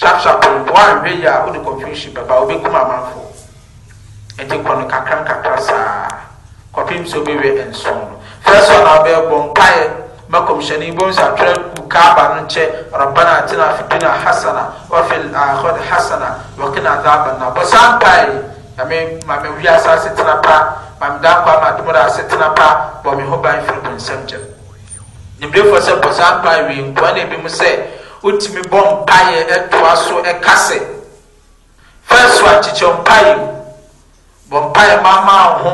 sharpsharp mpo anhwɛ yi a wode confusion bɛba wobɛkum amanfo ɛnti kɔ no kakra nkakra saa ah. kɔpem sɛ wobɛwie nson no first one a wobɛbɔ mpaeɛ ma kɔmhyɛne bom sɛ atwerɛ kaaba no nkyɛ rabbana atina fi dunia hasana wa fi lakhirati ah, hasana wa qina adhaba nnar bɔ saa mpaeɛ nyame ma mewie asase tena pa ma meda nkwa ma adomɔda ase tena pa bɔ me ho ban firi bo nsɛm gyam nimdefoɔ sɛ bɔ saa mpaeɛ wei nkoa na ebi mu sɛ wotumi bɔ mpaeɛ ɛtoa so ɛka sɛ fɛso akyekyɛ mpaeɛ mu bɔ mpaeɛ ma ama wo ho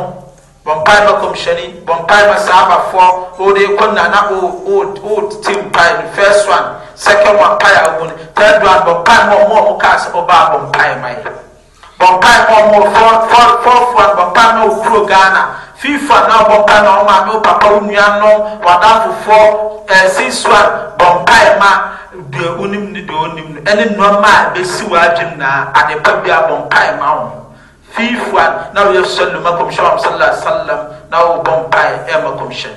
bɔ mpaeɛ ma kɔmhyɛni bɔ mpaeɛ ma saabafoɔ wɔde kɔ na na wɔte mpaeɛ no fɛso an second one mpaeɛ agu no third one bɔ mpaeɛ ma ɔmo ɔmo kaa sɛ ɔbaa bɔ mpaeɛ ma yɛ bɔ mpaeɛ ma ɔmo fourth one bɔ mpaeɛ ma ɔkuro ghana fifa na ɔbɔ mpaeɛ na ɔmo ame wo papa wo nua no wɔadafofoɔ ɛɛ six one bɔ mpaeɛ ma deɛ onim ne deɛ onim ne ɛne nneɛma a bɛsi w'adwene na adepa bi abɔ mpae ma wo fiifoa na woyɛ sɔlɔ ma kɔmhyɛ wa sallallahu alaihi wasallam na wobɔ mpae ɛma kɔmhyɛ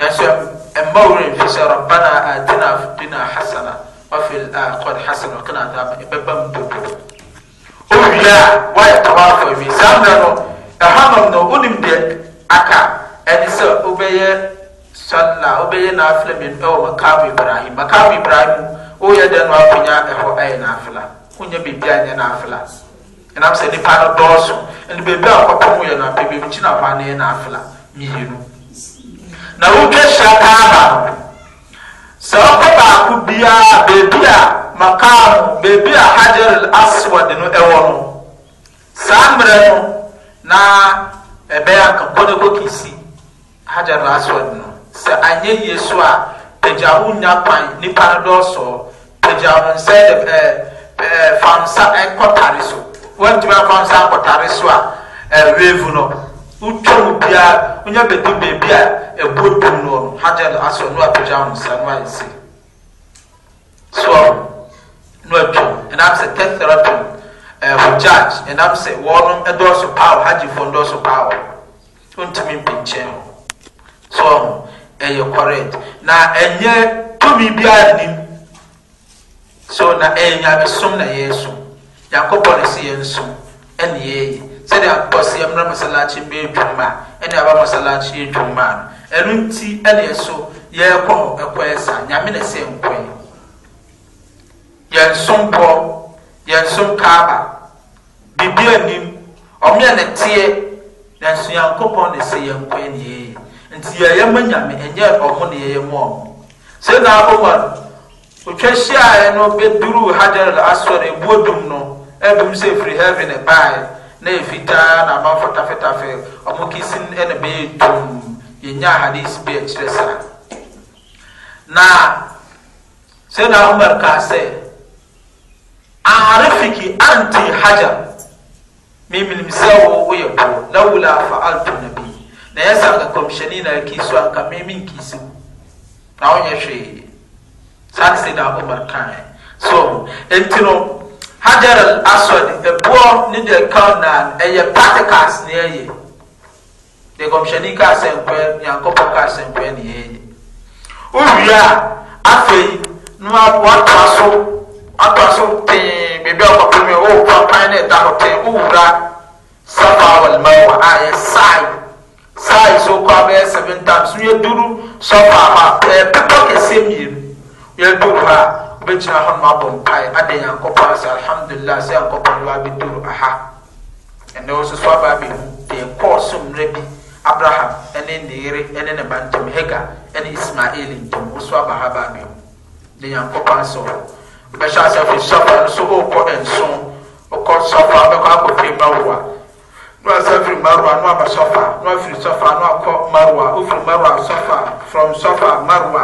ɛsɛ ɛmma e wɔn mfi sɛ rabbana atina fidina hasana wafi akɔd hasana wakana adaba ɛbɛba e mpopo owie a wayɛ tawaafɔ wi saa mmerɛ no ɛha e nom no onim deɛ aka ɛne sɛ wobɛyɛ salla wobɛyɛ naafila bi ɛwɔ makamu ibrahim makamu ibrahim woyɛ dɛ no apanya ɛhɔ ɛyɛ eh, naafila wonyɛ biribi a nyɛ naafila ɛnam sɛ nipa no dɔɔso ɛne biribi a wɔkɔpɔ mu yɛ no apɛ biribi gyina hɔ a no yɛ naafila mmienu na wotwa hyia kaaba no sɛ wokɔ baako biara baabi a makamu baabi a hajar aswad no ɛwɔ no saa mmerɛ no na ɛbɛyɛ eh, anka kɔne kɔkɛsi hajar aswad no sɛ anyɛ yie so a pagya wo nya kwan nipa no dɔɔso pagya wo nsa ɛɛ ɛɛ fa nsa ɛkɔtare so wɔntumi afa nsa akɔtare so a ɛɛ weevu no wotwa mu biara wonya bɛdu beebi a ɛbuo dum no no hagya no asɔ no a pagya wo nsa no ayɛ se soɔ no atwa ɛnam sɛ tɛtherapy ɛɛ hojaj ɛnam sɛ wɔn ɛdɔɔso paa hagyifoɔ dɔɔso paa wɔn ntumi mpɛnkyɛn soɔ ɛyɛ correct na ɛnyɛ tumi biara nim so na ɛyɛ nyamesom na yɛsom nyankopɔn ne si yɛnsom ɛne yɛyɛ sɛdeɛ bɔseɛ mmra masalakye bɛyɛ dwuma ɛne aba masalakye yɛ dwuma no ɛno nti ɛne ɛso yɛrekɔ hɔ ɛkɔɛ saa nyame na ɛsɛ nkɔɛ yɛnsom pɔ yɛnsom kaaba biribi anim ɔmo yɛ ne teɛ nanso nyankopɔn na ɛsɛ yɛnkɔɛ ne yɛyɛ nti yɛyɛ ma nyame ɛnyɛ ɔmo ne yɛyɛ mu ɔmo sɛ na aboma no otwa hyiaeɛ no bɛduru hajar al aswad ebuo dum no ɛdum sɛ firi heaven ɛbaeɛ na ɛfitaa na amanfo tafetafɛ ɔmo kisin ɛna bɛyɛ dum yɛnya hadis bi ɛkyerɛ saa na se na umar kaa sɛ arifiki anti hajar mimenim sɛ wo woyɛ poɔ lawula fa'altu nabi na yɛ sɛ anka na aki so anka meme nkisi mu na wonyɛ hwee saa te da omar oh, kae so enti no hajar al aswad ɛboɔ ne de kaw na ɛyɛ particles ne ɛyɛ de kɔmhyɛni kaa sɛ nkwɛ nyankopɔn kaa sɛ nkwɛ ne ɛyɛ wowie a afei no watoa so watoa so tee biribi a ɔkɔpem a wɔwɔ pan ne ɛda hɔ tee wowura safa wal a yɛ sae size wokɔ abɛyɛ seven times no yɛduru sɔfa ama ɛɛ pepɔ kɛse mmienu yɛduru hɔ a wobɛgyina hɔ nom abɔ mpae ada nyankopɔn sɛ alhamdulilah sɛ nyankopɔn wa abɛduru aha ɛnɛ wo soso aba abɛhu de kɔɔ so mmerɛ bi abraham ɛne ne yere ɛne ne ba ntam hega ɛne ismael ntam wo so aba ha ba abɛhu de nyankopɔn sɛ wobɛhyɛ asɛ afei sɔfa no so wokɔ nson wokɔ sɔfa wobɛkɔ akɔpɛ ma wo a na wasa firi marwa na waba sɔfa na wafiri sɔfa kɔ wakɔ marwa wofiri marwa sɔfa from sɔfa marwa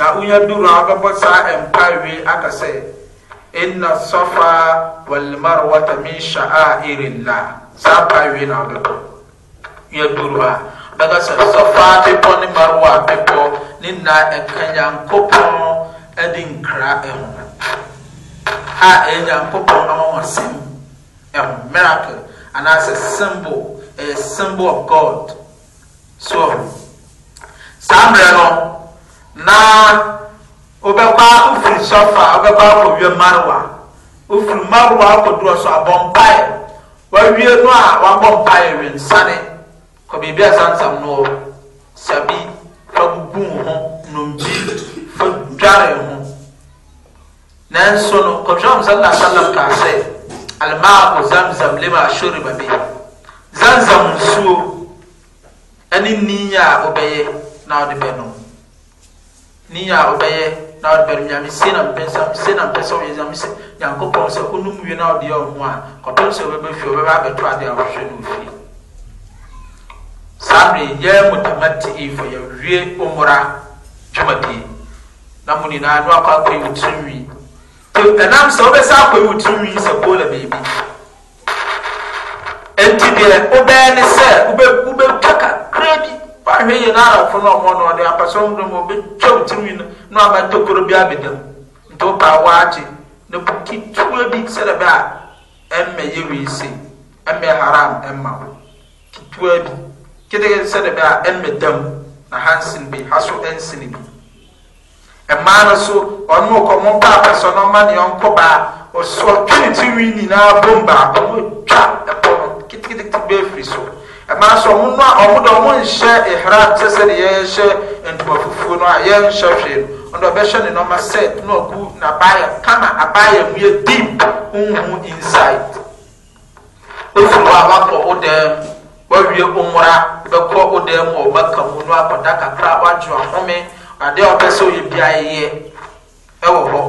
na wonya duru a bɔ saa mpaewe aka sɛ inna sɔfa walmarwata ɛri sha'airillah saa mpaewe na wabɛbɔ wonya duru a bɛka sɛ sɔfa bepɔ ne marwa bepɔ ne na ɛka nyankopɔn ɛde nkra ɛho a ɛyɛ nyankopɔn ama wɔn asɛm ɛho miracle anaasɛ symbol a symbol of god so saa mmerɛ no na wobɛkɔ a wofiri sɔfa wobɛkɔ akɔwie marewa wofiri marewa akɔdurɔ so abɔ mpae wawie no a wabɔ mpae wensane kɔ biribi a sansam no sabi fa gugu ho nombi fa dware ho nanso no kɔtwam sallah sallam kaa sɛ almaaku zamzam lema shoriba bi zamzam nsuo ɛne ninya a ɔbɛyɛ na ɔde bɛ no ninya a ɔbɛyɛ na ɔde bɛ no nyame se na mpɛ sɛ se na mpɛ sɛ ɔyɛ nyame sɛ nyankopɔn sɛ onum wie na ɔde yɛ ɔmo a kɔtɔn sɛ ɔbɛbɛ fie ɔbɛbɛ abɛto ade a ɔhwɛ no fie saa mmiri yɛ mo dama te efo yɛ wie ɔmora dwumadie na mo nyinaa no akɔ akɔ ewu tirinwi. ɛnam sɛ wobɛsɛ akɔyi wo tirim yi sɛ kola baabi enti deɛ wobɛyɛ ne sɛ wobɛtwa kakra bi woahwɛ yɛ no arabfo no ɔmɔ no ɔde apɛsɛm no mu wobɛtwa wo tirim no na wabɛtɔ koro bi abedam nti wopa waakye na ketewa bi sɛdɛ bɛ a ɛmmɛ yɛ wei se ɛmmɛ haram ɛmma wo ketewa bi ketekete sɛdɛ bɛ a ɛmmɛ dam na hansene bi ha so bi mmaa no so ɔno kɔ mo ba apɛsɛ no ɔma ne ɔnkɔ baa ɔsɔ twene ti wi nyinaa bom baako no twa ɛpɔ no kitikitiki bɛɛ firi so mmaa so ɔmo no a ɔmo de ɔmo nhyɛ ihram sɛ sɛde yɛhyɛ ntoma fufuo no a yɛnhyɛ hwee no ɔno ɔbɛhyɛ ne nɔɔma sɛ na ɔgu n'abaayɛ kama abaayɛ mu yɛ deep huhu inside ofiri hɔ a wakɔ wo dan mu wawie omora bɛkɔ wo dan mu wɔ maka mu no akɔda kakra wadwe ahome adeɛ a ɔpɛ sɛ ɔyɛ biara yɛ ɛwɔ hɔ